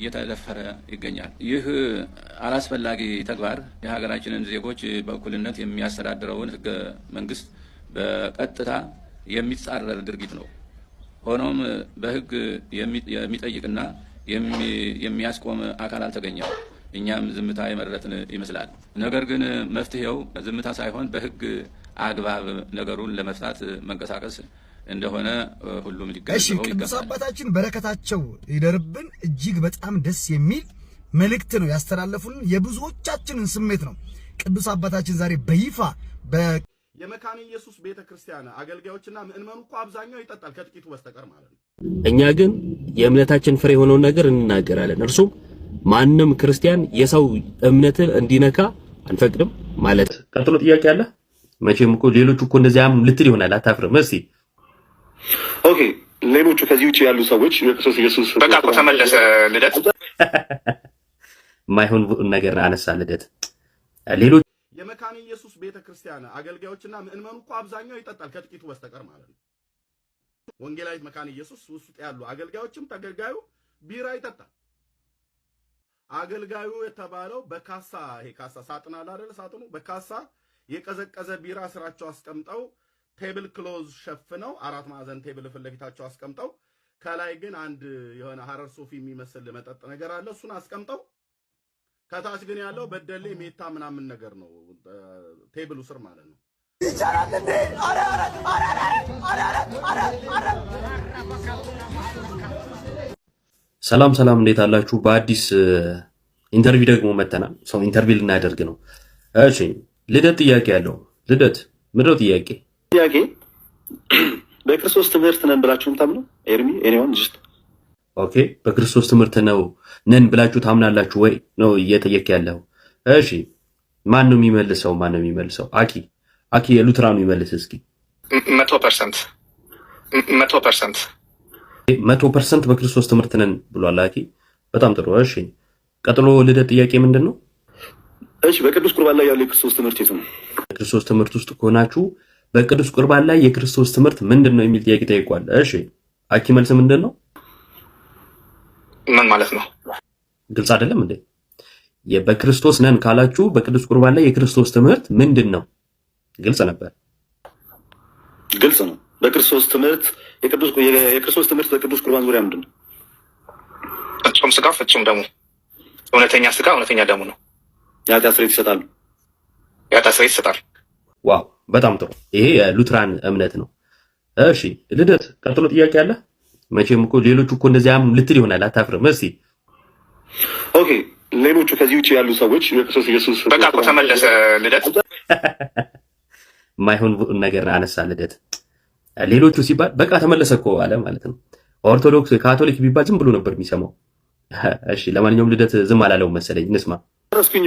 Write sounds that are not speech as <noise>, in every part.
እየተደፈረ ይገኛል። ይህ አላስፈላጊ ተግባር የሀገራችንን ዜጎች በእኩልነት የሚያስተዳድረውን ህገ መንግስት በቀጥታ የሚጻረር ድርጊት ነው። ሆኖም በህግ የሚጠይቅና የሚያስቆም አካል አልተገኘም። እኛም ዝምታ የመረጥን ይመስላል። ነገር ግን መፍትሄው ዝምታ ሳይሆን በህግ አግባብ ነገሩን ለመፍታት መንቀሳቀስ እንደሆነ ሁሉም ሊገነዘበው ይገባል። ቅዱስ አባታችን በረከታቸው ይደርብን። እጅግ በጣም ደስ የሚል መልእክት ነው ያስተላለፉልን፣ የብዙዎቻችንን ስሜት ነው። ቅዱስ አባታችን ዛሬ በይፋ የመካነ ኢየሱስ ቤተ ክርስቲያን አገልጋዮችና ምእመኑ እኮ አብዛኛው ይጠጣል ከጥቂቱ በስተቀር ማለት ነው። እኛ ግን የእምነታችን ፍሬ የሆነውን ነገር እንናገራለን። እርሱም ማንም ክርስቲያን የሰው እምነትን እንዲነካ አንፈቅድም ማለት። ቀጥሎ ጥያቄ አለ። መቼም እኮ ሌሎች እኮ እንደዚህ ልትል ይሆናል። አታፍርም እስቲ ኦኬ ሌሎቹ ከዚህ ውጭ ያሉ ሰዎች የክርስቶስ ኢየሱስ በቃ እኮ ተመለሰ። ልደት ማይሆን ነገር አነሳ። ልደት ሌሎች የመካነ ኢየሱስ ቤተ ክርስቲያን አገልጋዮችና ምእመኑ እኮ አብዛኛው ይጠጣል ከጥቂቱ በስተቀር ማለት ነው። ወንጌላዊት መካነ ኢየሱስ ውስጥ ያሉ አገልጋዮችም ተገልጋዩ ቢራ ይጠጣል። አገልጋዩ የተባለው በካሳ ይሄ ካሳ ሳጥን አለ አይደል? ሳጥኑ በካሳ የቀዘቀዘ ቢራ ስራቸው አስቀምጠው ቴብል ክሎዝ ሸፍነው አራት ማዕዘን ቴብል ፊት ለፊታቸው አስቀምጠው ከላይ ግን አንድ የሆነ ሀረር ሶፊ የሚመስል መጠጥ ነገር አለ። እሱን አስቀምጠው ከታች ግን ያለው በደሌ ሜታ ምናምን ነገር ነው፣ ቴብሉ ስር ማለት ነው። ሰላም ሰላም፣ እንዴት አላችሁ? በአዲስ ኢንተርቪው ደግሞ መተናል። ሰው ኢንተርቪው ልናደርግ ነው። እሺ ልደት ጥያቄ ያለው ልደት ምድረው ጥያቄ ጥያቄ በክርስቶስ ትምህርት ነን ብላችሁ ታምኑ? ኤርሚ ኤኒዋን ጅስት ኦኬ። በክርስቶስ ትምህርት ነው ነን ብላችሁ ታምናላችሁ ወይ ነው እየጠየቅ ያለው። እሺ ማን ነው የሚመልሰው? ማን ነው የሚመልሰው? አኪ አኪ የሉትራኑ ይመልስ እስኪ። መቶ ፐርሰንት መቶ ፐርሰንት መቶ ፐርሰንት በክርስቶስ ትምህርት ነን ብሏል አኪ። በጣም ጥሩ። እሺ ቀጥሎ ልደት ጥያቄ ምንድን ነው? እሺ በቅዱስ ቁርባን ላይ ያለው የክርስቶስ ትምህርት የቱ ነው? የክርስቶስ ትምህርት ውስጥ ከሆናችሁ በቅዱስ ቁርባን ላይ የክርስቶስ ትምህርት ምንድን ነው የሚል ጥያቄ ጠይቋል። እሺ አኪ መልስ ምንድን ነው? ምን ማለት ነው? ግልጽ አይደለም እንዴ? በክርስቶስ ነን ካላችሁ በቅዱስ ቁርባን ላይ የክርስቶስ ትምህርት ምንድን ነው? ግልጽ ነበር። ግልጽ ነው። በክርስቶስ ትምህርት የክርስቶስ ትምህርት በቅዱስ ቁርባን ዙሪያ ምንድን ነው? ፍጹም ስጋ ፍጹም ደሙ፣ እውነተኛ ስጋ እውነተኛ ደሙ ነው። የኃጢአት ስርየት ይሰጣሉ። የኃጢአት ስርየት ይሰጣል። ዋው በጣም ጥሩ። ይሄ የሉትራን እምነት ነው። እሺ ልደት፣ ቀጥሎ ጥያቄ አለ። መቼም እኮ ሌሎቹ እኮ እንደዚያም ልትል ይሆናል። አታፍርም። እስኪ ኦኬ። ሌሎቹ ከዚህ ውጭ ያሉ ሰዎች ክርስቶስ ኢየሱስ በቃ እኮ ተመለሰ። ልደት ማይሆን ነገር አነሳ። ልደት ሌሎቹ ሲባል በቃ ተመለሰ እኮ አለ ማለት ነው። ኦርቶዶክስ ካቶሊክ ቢባል ዝም ብሎ ነበር የሚሰማው። እሺ ለማንኛውም ልደት ዝም አላለው መሰለኝ። እንስማ ረስኩኝ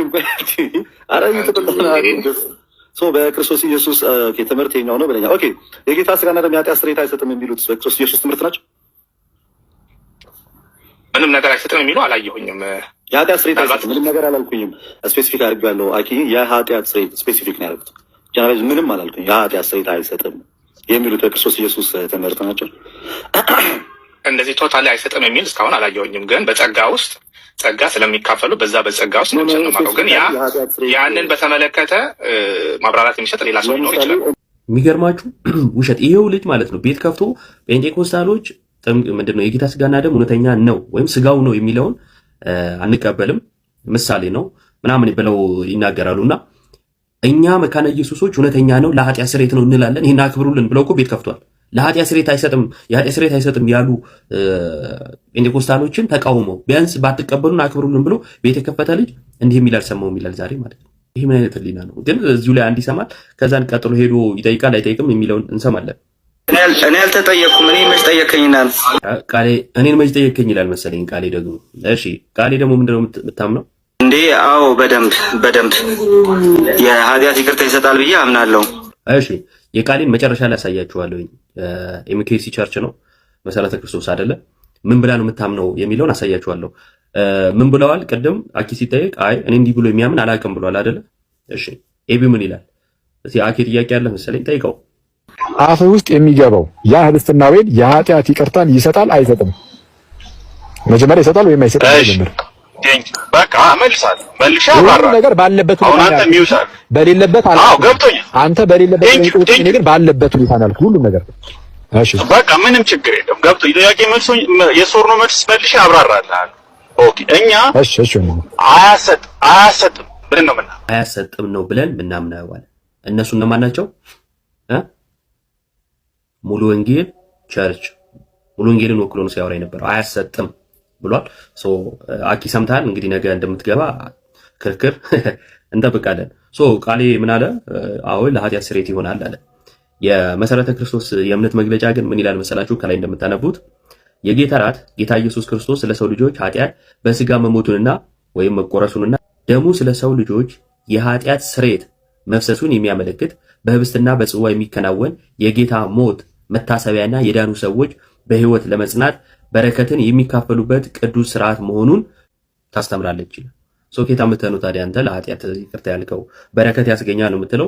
በክርስቶስ ኢየሱስ ትምህርት የኛው ነው ብለኛል። ኦኬ የጌታ ስጋና ደም የኃጢአት ስርየት አይሰጥም የሚሉት በክርስቶስ ኢየሱስ ትምህርት ናቸው። ምንም ነገር አይሰጥም የሚሉ አላየሁኝም። የኃጢአት ስርየት አይሰጥም ምንም ነገር አላልኩኝም። ስፔሲፊክ አድርጌያለሁ። አኪ የኃጢአት ስርየት ስፔሲፊክ ነው ያልኩት። ጀነራል ምንም አላልኩኝ። የኃጢአት ስርየት አይሰጥም የሚሉት በክርስቶስ ኢየሱስ ትምህርት ናቸው። እንደዚህ ቶታሊ አይሰጥም የሚል እስካሁን አላየሁኝም። ግን በጸጋ ውስጥ ጸጋ ስለሚካፈሉ በዛ በጸጋ ውስጥ ነው ማለት ግን ያ ያንን በተመለከተ ማብራራት የሚሰጥ ሌላ ሰው ሊኖር ይችላል። የሚገርማችሁ <clears throat> ውሸት ይሄው ልጅ ማለት ነው ቤት ከፍቶ ጴንጤኮስታሎች ምንድነው የጌታ ስጋና ደም እውነተኛ ነው ወይም ስጋው ነው የሚለውን አንቀበልም ምሳሌ ነው ምናምን ብለው ይናገራሉ እና እኛ መካነ ኢየሱሶች እውነተኛ ነው ለኃጢአት ስርየት ነው እንላለን ይህን አክብሩልን ብለው እኮ ቤት ከፍቷል። ለኃጢአት ስሬት አይሰጥም የኃጢአት ስሬት አይሰጥም ያሉ ጴንቴኮስታኖችን ተቃውመው ቢያንስ ባትቀበሉን አክብሩልን ብሎ ቤት የከፈተ ልጅ እንዲህ የሚል ሰማውም ይላል ዛሬ ማለት ነው። ይህ ምን አይነት ህሊና ነው? ግን እዚሁ ላይ አንድ ይሰማል፣ ከዛን ቀጥሎ ሄዶ ይጠይቃል አይጠይቅም የሚለውን እንሰማለን። እኔ አልተጠየቅኩም፣ እኔ መች ጠየቀኝ ይላል ቃሌ፣ እኔን መች ጠየቀኝ ይላል መሰለኝ ቃሌ ደግሞ። እሺ ቃሌ ደግሞ ምንድነው የምታምነው? እንዴ አዎ፣ በደንብ በደንብ የኃጢአት ይቅርታ ይሰጣል ብዬ አምናለሁ። እሺ የቃሌን መጨረሻ ላይ ያሳያችኋለሁ። ኤምኬሲ ቸርች ነው መሰረተ ክርስቶስ አይደለም። ምን ብላ ነው የምታምነው የሚለውን አሳያችኋለሁ። ምን ብለዋል? ቅድም አኪ ሲጠየቅ አይ እኔ እንዲህ ብሎ የሚያምን አላውቅም ብሏል አይደለ? እሺ ኤቢ ምን ይላል? እስኪ አኪ ጥያቄ ያለ መሰለኝ ጠይቀው። አፍ ውስጥ የሚገባው ያ ህብስትና ወይን የኃጢአት ይቅርታን ይሰጣል አይሰጥም? መጀመሪያ ይሰጣል ወይም አይሰጥም? ጀምር በቃ መልሳል መልሻ ነገር ባለበት ሁሉ በሌለበት አላ ገብቶኝ አንተ በሌለበት እኔ ግን ባለበት ሁኔታ ነው ያልኩህ ሁሉም ነገር እሺ በቃ ምንም ችግር የለም ገብቶ ጥያቄ መልሶ የሶርኖ መልስ መልሽ አብራራልሃለሁ ኦኬ እኛ እሺ እሺ አያሰጥ አያሰጥም ብለን ነው ምናምን አያሰጥም ነው ብለን ምናምን እነሱ እነማን ናቸው ሙሉ ወንጌል ቸርች ሙሉ ወንጌልን ወክሎ ነው ሲያወራ የነበረው አያሰጥም ብሏል ሶ አኪ ሰምታል። እንግዲህ ነገ እንደምትገባ ክርክር <laughs> እንጠብቃለን ቃሌ ምን አለ? አዎ ለኃጢአት ስርየት ይሆናል አለ። የመሰረተ ክርስቶስ የእምነት መግለጫ ግን ምን ይላል መሰላችሁ? ከላይ እንደምታነቡት የጌታ ራት ጌታ ኢየሱስ ክርስቶስ ስለሰው ልጆች ኃጢአት በስጋ መሞቱንና ወይም መቆረሱንና ደሙ ስለ ሰው ልጆች የኃጢአት ስርየት መፍሰሱን የሚያመለክት በህብስትና በጽዋ የሚከናወን የጌታ ሞት መታሰቢያና የዳኑ ሰዎች በህይወት ለመጽናት በረከትን የሚካፈሉበት ቅዱስ ስርዓት መሆኑን ታስተምራለች። ሶኬት አምተህ ነው ታዲያ አንተ ለኃጢአት ይቅርታ ያልከው በረከት ያስገኛ ነው የምትለው።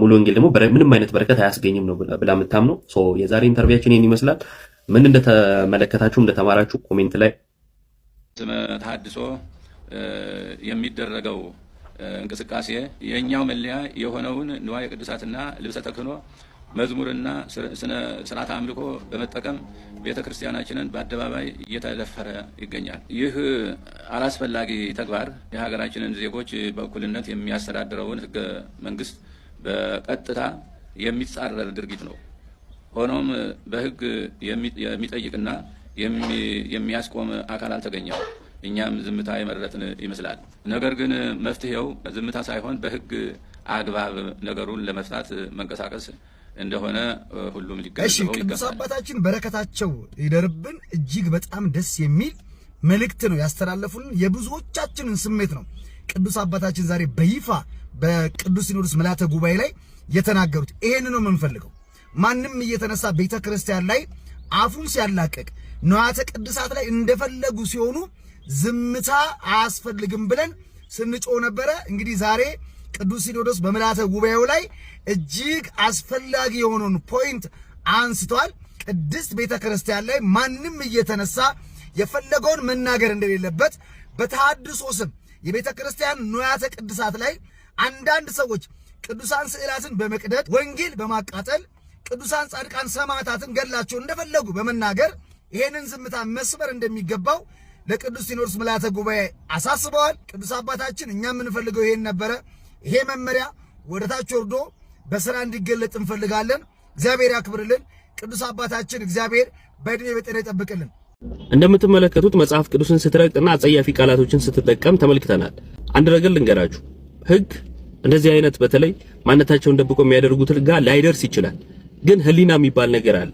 ሙሉ ወንጌል ደግሞ ምንም አይነት በረከት አያስገኝም ነው ብላ የምታምነው። የዛሬ ኢንተርቪያችን ይህን ይመስላል። ምን እንደተመለከታችሁ እንደተማራችሁ ኮሜንት ላይ ተሐድሶ የሚደረገው እንቅስቃሴ የእኛው መለያ የሆነውን ንዋየ ቅዱሳትና ልብሰ ተክህኖ መዝሙርና ስርዓት አምልኮ በመጠቀም ቤተ ክርስቲያናችንን በአደባባይ እየተደፈረ ይገኛል። ይህ አላስፈላጊ ተግባር የሀገራችንን ዜጎች በእኩልነት የሚያስተዳድረውን ህገ መንግስት በቀጥታ የሚጻረር ድርጊት ነው። ሆኖም በህግ የሚጠይቅና የሚያስቆም አካል አልተገኘም። እኛም ዝምታ የመረጥን ይመስላል። ነገር ግን መፍትሄው ዝምታ ሳይሆን በህግ አግባብ ነገሩን ለመፍታት መንቀሳቀስ እንደሆነ ሁሉም ሊገነዘበው ይገባል። ቅዱስ አባታችን በረከታቸው ይደርብን። እጅግ በጣም ደስ የሚል መልእክት ነው ያስተላለፉልን፣ የብዙዎቻችንን ስሜት ነው ቅዱስ አባታችን ዛሬ በይፋ በቅዱስ ሲኖዶስ ምልዓተ ጉባኤ ላይ የተናገሩት። ይሄን ነው የምንፈልገው። ማንም እየተነሳ ቤተ ክርስቲያን ላይ አፉን ሲያላቀቅ ንዋያተ ቅድሳት ላይ እንደፈለጉ ሲሆኑ ዝምታ አያስፈልግም ብለን ስንጮህ ነበረ። እንግዲህ ዛሬ ቅዱስ ሲኖዶስ በምልዓተ ጉባኤው ላይ እጅግ አስፈላጊ የሆነውን ፖይንት አንስቷል። ቅድስት ቤተ ክርስቲያን ላይ ማንም እየተነሳ የፈለገውን መናገር እንደሌለበት በተሐድሶ ስም የቤተ ክርስቲያን ንዋያተ ቅድሳት ላይ አንዳንድ ሰዎች ቅዱሳን ስዕላትን በመቅደድ ወንጌል በማቃጠል ቅዱሳን ጻድቃን ሰማዕታትን ገድላቸው እንደፈለጉ በመናገር ይሄንን ዝምታ መስበር እንደሚገባው ለቅዱስ ሲኖዶስ ምልዓተ ጉባኤ አሳስበዋል። ቅዱስ አባታችን እኛ የምንፈልገው ይሄን ነበረ። ይሄ መመሪያ ወደታች ወርዶ በስራ እንዲገለጥ እንፈልጋለን። እግዚአብሔር ያክብርልን። ቅዱስ አባታችን እግዚአብሔር በእድሜ በጤና ይጠብቅልን። እንደምትመለከቱት መጽሐፍ ቅዱስን ስትረቅጥና አጸያፊ ቃላቶችን ስትጠቀም ተመልክተናል። አንድ ነገር ልንገራችሁ፣ ህግ እንደዚህ አይነት በተለይ ማንነታቸውን ደብቆ የሚያደርጉት ጋር ላይደርስ ይችላል። ግን ህሊና የሚባል ነገር አለ።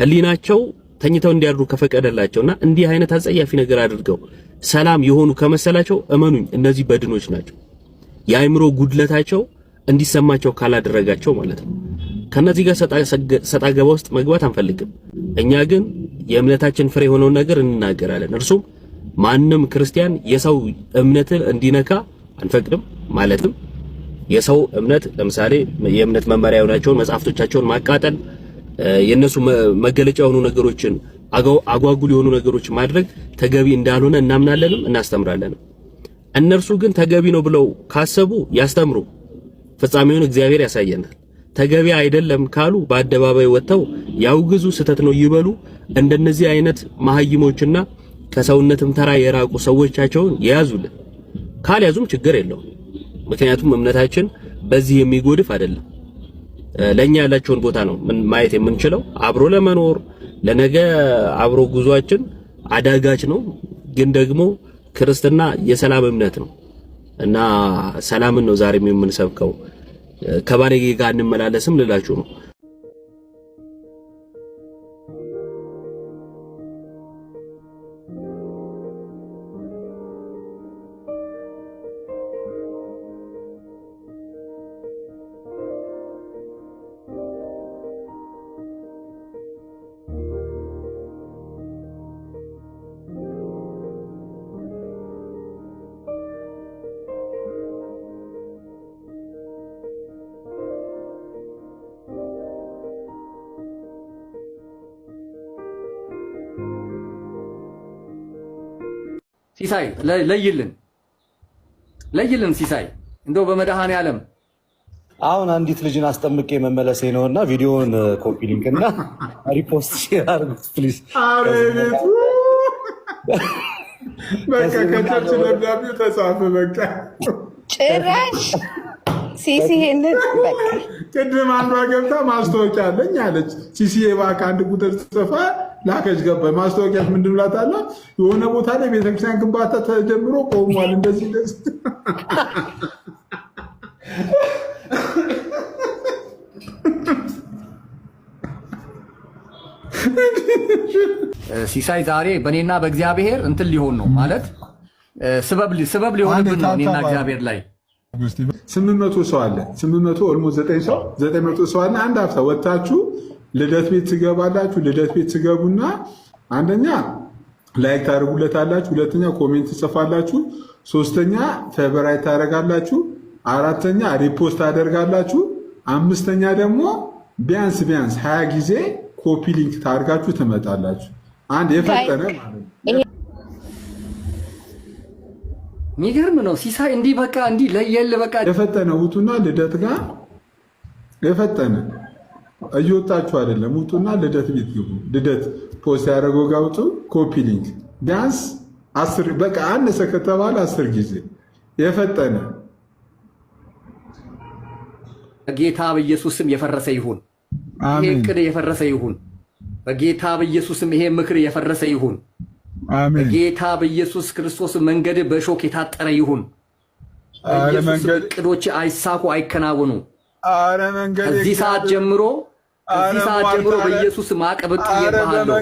ህሊናቸው ተኝተው እንዲያድሩ ከፈቀደላቸውና እንዲህ አይነት አጸያፊ ነገር አድርገው ሰላም የሆኑ ከመሰላቸው እመኑኝ፣ እነዚህ በድኖች ናቸው። የአእምሮ ጉድለታቸው እንዲሰማቸው ካላደረጋቸው ማለት ነው። ከነዚህ ጋር ሰጣ ገባ ውስጥ መግባት አንፈልግም። እኛ ግን የእምነታችን ፍሬ የሆነውን ነገር እንናገራለን። እርሱም ማንም ክርስቲያን የሰው እምነትን እንዲነካ አንፈቅድም። ማለትም የሰው እምነት ለምሳሌ የእምነት መመሪያ የሆናቸውን መጽሐፍቶቻቸውን ማቃጠል፣ የእነሱ መገለጫ የሆኑ ነገሮችን አጓጉል የሆኑ ነገሮችን ማድረግ ተገቢ እንዳልሆነ እናምናለንም እናስተምራለንም። እነርሱ ግን ተገቢ ነው ብለው ካሰቡ ያስተምሩ፣ ፍጻሜውን እግዚአብሔር ያሳየናል። ተገቢ አይደለም ካሉ በአደባባይ ወጥተው ያውግዙ፣ ስህተት ነው ይበሉ። እንደነዚህ አይነት መሀይሞችና ከሰውነትም ተራ የራቁ ሰዎቻቸውን የያዙልን። ካልያዙም ችግር የለውም። ምክንያቱም እምነታችን በዚህ የሚጎድፍ አይደለም። ለኛ ያላቸውን ቦታ ነው ምን ማየት የምንችለው። አብሮ ለመኖር ለነገ አብሮ ጉዟችን አዳጋች ነው ግን ደግሞ ክርስትና የሰላም እምነት ነው እና ሰላምን ነው ዛሬም የምንሰብከው። ከባለጌ ጋር እንመላለስም ልላችሁ ነው። ሲሳይ ለይልን ለይልን ሲሳይ እንደው በመድኃኔ ዓለም አሁን አንዲት ልጅን አስጠምቄ መመለሴ ነው እና ቪዲዮውን uh, ኮፒ ሊንክ እና ሪፖስት ሼር አድርጉት ፕሊዝ። በቃ ከቻችሁ ደብዳቤው ተጻፈ። በቃ ጭራሽ ሲሲ ቅድም አንዷ ገብታ ማስታወቂያ አለኝ አለች። ሲሲ አንድ ቁጥር ጽፋ ላከች ገባ ማስታወቂያ ምንድን ብላታለ? የሆነ ቦታ ላይ ቤተክርስቲያን ግንባታ ተጀምሮ ቆሟል። እንደዚህ ደስ ሲሳይ ዛሬ በእኔና በእግዚአብሔር እንትን ሊሆን ነው ማለት ስበብ ሊሆንብን ነው እኔና እግዚአብሔር ላይ ስምንት መቶ ሰው አለ። ስምንት መቶ ኦልሞስት ዘጠኝ ሰው ዘጠኝ መቶ ሰው አለ። አንድ ሀብታ ወታችሁ ልደት ቤት ትገባላችሁ። ልደት ቤት ትገቡና አንደኛ ላይክ ታደርጉለታላችሁ፣ ሁለተኛ ኮሜንት ትጽፋላችሁ፣ ሶስተኛ ፌቨራይት ታደርጋላችሁ፣ አራተኛ ሪፖስት ታደርጋላችሁ፣ አምስተኛ ደግሞ ቢያንስ ቢያንስ ሀያ ጊዜ ኮፒ ሊንክ ታደርጋችሁ ትመጣላችሁ። አንድ የፈጠነ ማለት ነው ሚገርም ነው ሲሳይ። እንዲህ በቃ እንዲህ ለየል በቃ የፈጠነ ውጡና ልደት ጋር የፈጠነ እየወጣችሁ አይደለም። ውጡና ልደት ቤት ግቡ። ልደት ፖስት ያደረገው ጋር ውጡ። ኮፒ ሊንክ ቢያንስ በቃ አነሰ ከተባለ አስር ጊዜ የፈጠነ በጌታ በኢየሱስም የፈረሰ ይሁን። ይሄ እቅድ የፈረሰ ይሁን። በጌታ በኢየሱስም ይሄ ምክር የፈረሰ ይሁን። በጌታ በኢየሱስ ክርስቶስ መንገድ በሾክ የታጠረ ይሁን። እቅዶች አይሳኩ፣ አይከናወኑ። ከዚህ ሰዓት ጀምሮ ከዚህ ሰዓት ጀምሮ በኢየሱስ ማቀበቅ ይባሃለሁ።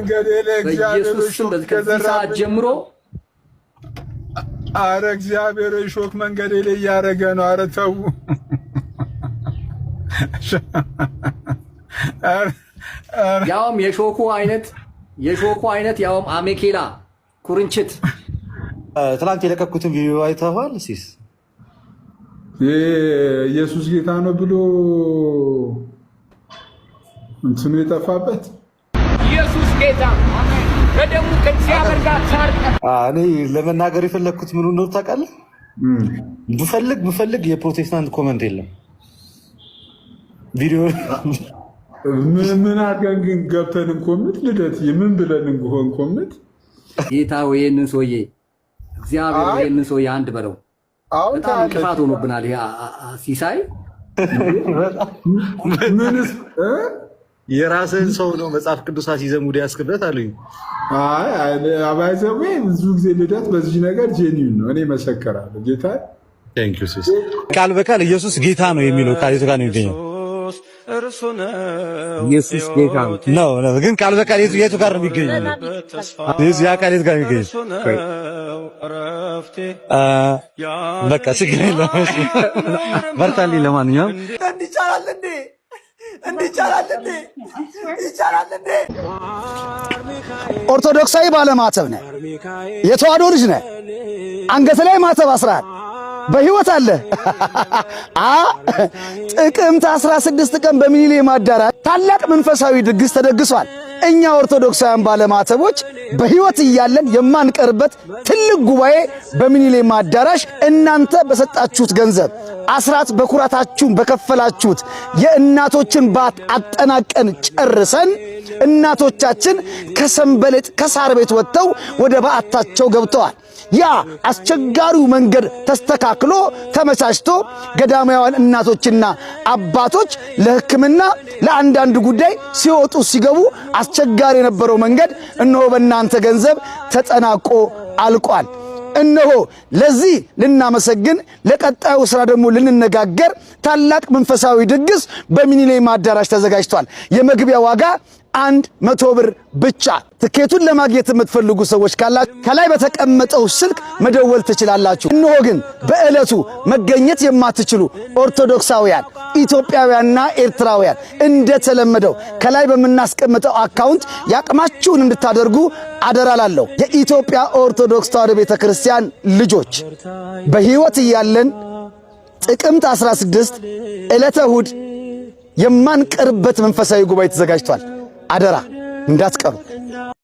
በኢየሱስ ከዚህ ሰዓት ጀምሮ አረ እግዚአብሔር እሾክ መንገዴ ላይ እያደረገ ነው። አረ ተው፣ ያውም የሾኩ አይነት የሾኩ አይነት ያውም አሜኬላ ኩርንችት ትላንት የለቀኩትን ቪዲዮ አይተዋል። ሲስ ኢየሱስ ጌታ ነው ብሎ እንትኑ የጠፋበት ኢየሱስ ጌታ በደሙ ከእግዚአብሔር ጋር እኔ ለመናገር የፈለግኩት ምን ኖር ታውቃለህ? ብፈልግ ብፈልግ የፕሮቴስታንት ኮመንት የለም። ቪዲዮ ምን ምን አድርገን ግን ገብተን እንኮምት ልደት ምን ብለን እንሆን ኮምት ጌታ ወይ ይህንን ሰውዬ እግዚአብሔር ወይ ይህንን ሰውዬ አንድ በለው። በጣም እንቅፋት ሆኖብናል። ሲሳይ ምንስ የራስህን ሰው ነው መጽሐፍ ቅዱስ አሲዘም ሙዲ ያስክበት አሉኝ። አባይዘዌ ብዙ ጊዜ ልደት በዚህ ነገር ጄኒውን ነው። እኔ መሰከራለሁ ጌታ ቃል በቃል ኢየሱስ ጌታ ነው የሚለው ቃል ጋር ነው የሚገኘው? ኢየሱስ ጌታ ነው ነው። ግን ቃል በቃል የቱ የቱ ጋር የሚገኝ? ያ ቃል የቱ ጋር የሚገኝ? በቃ ችግር የለም። በርታልኝ። ለማንኛውም ይቻላል እንዴ? ኦርቶዶክሳዊ ባለማተብ ነህ፣ የተዋህዶ ልጅ ነህ፣ አንገት ላይ ማተብ አስራል በህይወት አለ። አ ጥቅምት 16 ቀን በሚሊኒየም አዳራሽ ታላቅ መንፈሳዊ ድግስ ተደግሷል። እኛ ኦርቶዶክሳውያን ባለማተቦች በህይወት እያለን የማንቀርበት ትልቅ ጉባኤ በሚኒሊየም አዳራሽ እናንተ በሰጣችሁት ገንዘብ አስራት በኩራታችሁን በከፈላችሁት የእናቶችን ባት አጠናቀን ጨርሰን እናቶቻችን ከሰንበሌጥ ከሳር ቤት ወጥተው ወደ በዓታቸው ገብተዋል። ያ አስቸጋሪው መንገድ ተስተካክሎ ተመቻችቶ ገዳማውያን እናቶችና አባቶች ለሕክምና ለአንዳንድ ጉዳይ ሲወጡ ሲገቡ አስቸጋሪ የነበረው መንገድ እነሆ በእናንተ ገንዘብ ተጠናቆ አልቋል። እነሆ ለዚህ ልናመሰግን ለቀጣዩ ስራ ደግሞ ልንነጋገር ታላቅ መንፈሳዊ ድግስ በሚኒሌም አዳራሽ ተዘጋጅቷል። የመግቢያ ዋጋ አንድ መቶ ብር ብቻ። ትኬቱን ለማግኘት የምትፈልጉ ሰዎች ካላችሁ ከላይ በተቀመጠው ስልክ መደወል ትችላላችሁ። እነሆ ግን በዕለቱ መገኘት የማትችሉ ኦርቶዶክሳውያን ኢትዮጵያውያንና ኤርትራውያን እንደተለመደው ከላይ በምናስቀምጠው አካውንት ያቅማችሁን እንድታደርጉ አደራላለሁ። የኢትዮጵያ ኦርቶዶክስ ተዋሕዶ ቤተ ክርስቲያን ልጆች በሕይወት እያለን ጥቅምት 16 ዕለተ እሁድ የማንቀርበት መንፈሳዊ ጉባኤ ተዘጋጅቷል። አደራ እንዳትቀሩ።